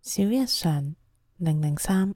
小日常零零三。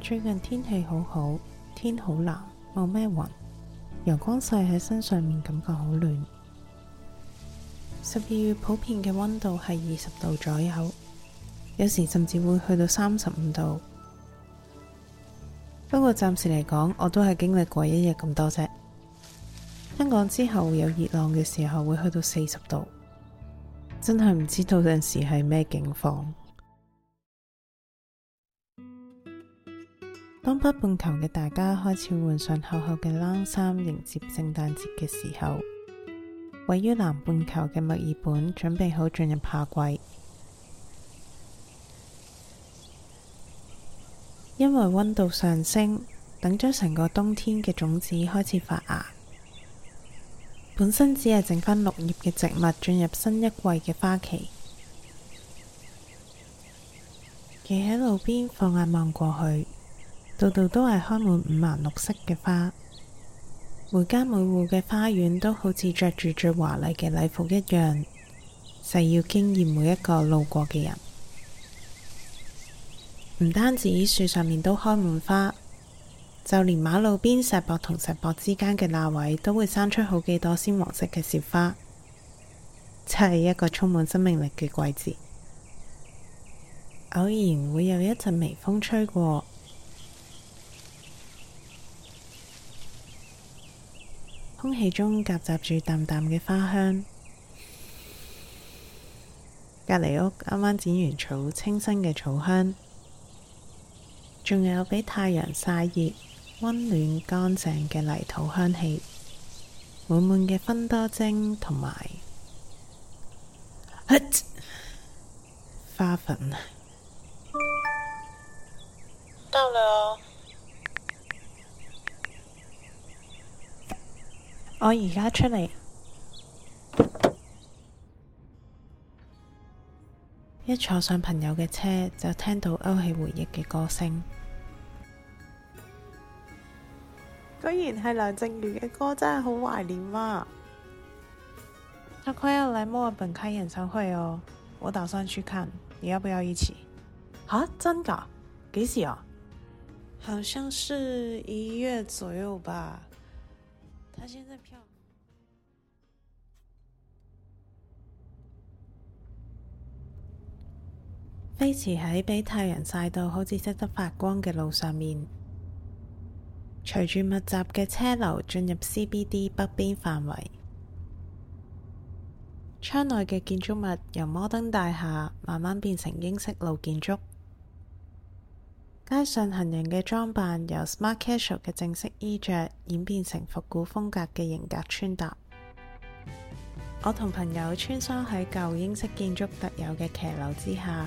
最近天氣好好，天好藍，冇咩雲，陽光晒喺身上面，感覺好暖。十二月普遍嘅溫度係二十度左右，有時甚至會去到三十五度。不過暫時嚟講，我都係經歷過一日咁多啫。香港之後有熱浪嘅時候，會去到四十度，真係唔知道陣時係咩境況。 當北半球嘅大家開始換上厚厚嘅冷衫迎接聖誕節嘅時候，位於南半球嘅墨爾本準備好進入夏季。因為溫度上升，等咗成個冬天嘅種子開始發芽，本身只係剩翻綠葉嘅植物進入新一季嘅花期。企喺路邊，放眼望過去，度度都係開滿五顏六色嘅花，每家每戶嘅花園都好似着住最華麗嘅禮服一樣，誓要驚艷每一個路過嘅人。唔單止樹上面都開滿花，就連馬路邊石壆同石壆之間嘅罅位都會生出好幾朵鮮黃色嘅小花，真係一個充滿生命力嘅季節。偶然會有一陣微風吹過，空氣中夾雜住淡淡嘅花香，隔籬屋啱啱剪完草，清新嘅草香。仲有畀太陽曬熱，溫暖乾淨嘅泥土香氣，滿滿嘅芬多精同埋、哎、花粉。到了哦，我而家出嚟。一坐上朋友嘅車，就聽到勾起回憶嘅歌聲。居然係梁靜茹嘅歌，真係好懷念啊！啊他快要來墨爾本開演唱會哦，我打算去看，你要不要一起？吓，真㗎？幾時啊？好像是一月左右吧。他現在票。飛馳喺被太陽曬到好似識得發光嘅路上面，隨住密集嘅車流進入 CBD 北邊範圍，窗內嘅建築物由摩登大廈慢慢變成英式老建築。街上行人嘅裝扮由 smart casual 嘅正式衣着演變成復古風格嘅型格穿搭。我同朋友穿梭喺舊英式建築特有嘅騎樓之下。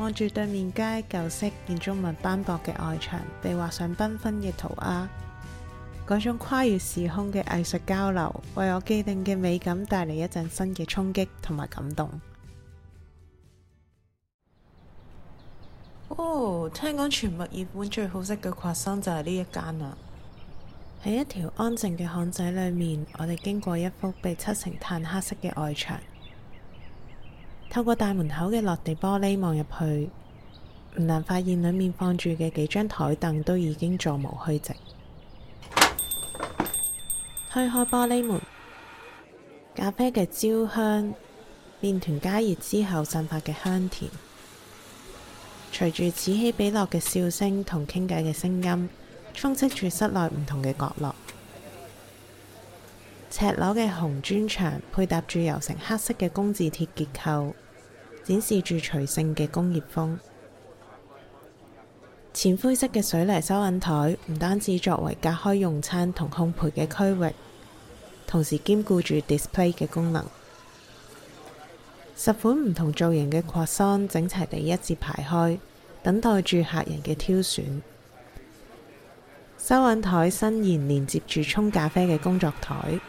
望住對面街舊式建築物斑駁嘅外牆，被畫上繽紛嘅塗鴉，嗰種跨越時空嘅藝術交流，為我既定嘅美感帶嚟一陣新嘅衝擊同埋感動。哦，聽講全墨爾本最好食嘅花生就係呢一間啦。喺一條安靜嘅巷仔裏面，我哋經過一幅被漆成炭黑色嘅外牆。透過大門口嘅落地玻璃望入去，唔難發現裏面放住嘅幾張台凳都已經座無虛席。推開玻璃門，咖啡嘅焦香、麵糰加熱之後散發嘅香甜，隨住此起彼落嘅笑聲同傾偈嘅聲音，充斥住室內唔同嘅角落。赤裸嘅紅磚牆配搭住油成黑色嘅工字鐵結構，展示住隨性嘅工業風。淺灰色嘅水泥收銀台唔單止作為隔開用餐同烘焙嘅區域，同時兼顧住 display 嘅功能。十款唔同造型嘅 croissant 整齊地一字排開，等待住客人嘅挑選。收銀台伸延連接住沖咖啡嘅工作台。.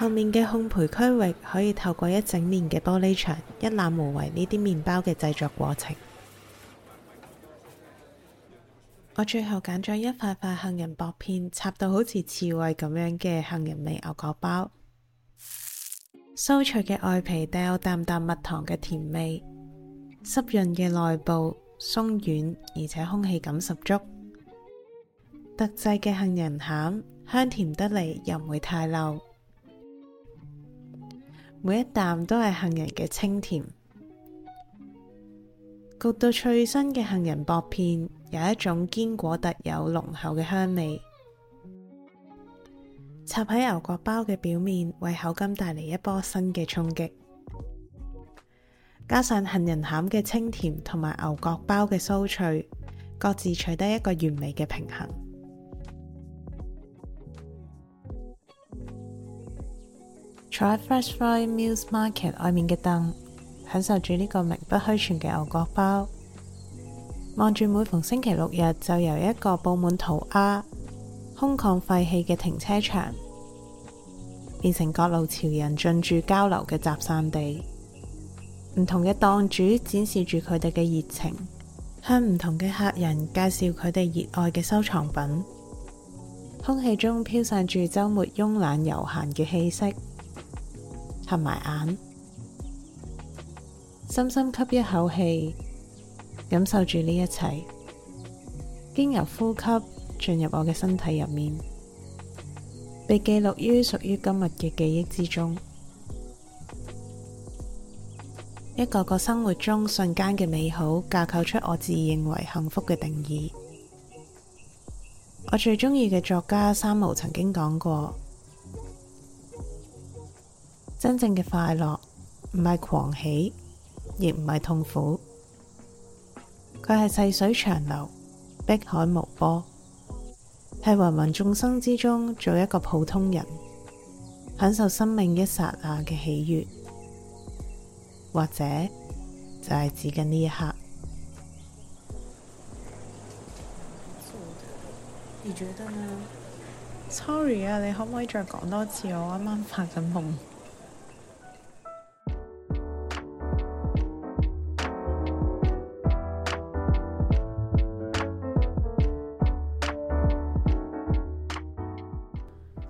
後面嘅烘焙區域可以透過一整面嘅玻璃牆，一覽無遺呢啲麵包嘅製作過程。 我最後揀咗一塊塊杏仁薄片，插到好似刺猬咁樣嘅杏仁味牛角包，酥脆嘅外皮帶有淡淡蜜糖嘅甜味，濕潤嘅內部鬆軟，而且空氣感十足。特製嘅杏仁餡香甜得嚟，又唔會太漏。每一啖都係杏仁嘅清甜，焗到脆身嘅杏仁薄片有一種堅果特有濃厚嘅香味，插喺牛角包嘅表面，為口感帶嚟一波新嘅衝擊。加上杏仁餡嘅清甜同埋牛角包嘅酥脆，各自取得一個完美嘅平衡。坐喺 Fitzroy Mills Market 外面嘅凳，享受住呢個名不虛傳嘅牛角包，望住每逢星期六日就由一個布滿塗鴉、空曠廢棄嘅停車場，變成各路潮人進駐交流嘅集散地。唔同嘅檔主展示住佢哋嘅熱情，向唔同嘅客人介紹佢哋熱愛嘅收藏品。空氣中飄散住周末慵懶悠閒嘅氣息。合埋眼，深深吸一口氣，感受住呢一切，經由呼吸進入我嘅身體入面，被記錄於屬於今日嘅記憶之中。一個個生活中瞬間嘅美好，架構出我自認為幸福嘅定義。我最鍾意嘅作家三毛曾經講過。真正嘅快樂唔係狂喜，亦唔係痛苦。佢係細水長流，碧海無波，係芸芸眾生之中做一個普通人，享受生命一剎那嘅喜悅，或者就係只緊呢一刻。你覺得呢？Sorry 啊，你可唔可以再講多次？我啱啱發緊夢。